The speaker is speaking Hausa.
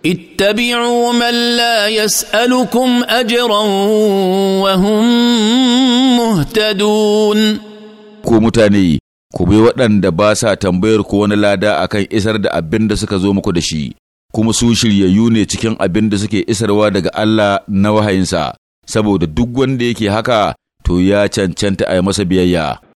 اتبعوا من لا يسألكم أجرا وهم مهتدون ku mutane ku bi waɗanda ba sa tambayar ku wani lada akan isar da abin da suka zo muku da shi kuma su shiryayyu ne cikin abin da suke isarwa daga Allah na wahayinsa saboda duk wanda yake haka to ya cancanta a yi masa biyayya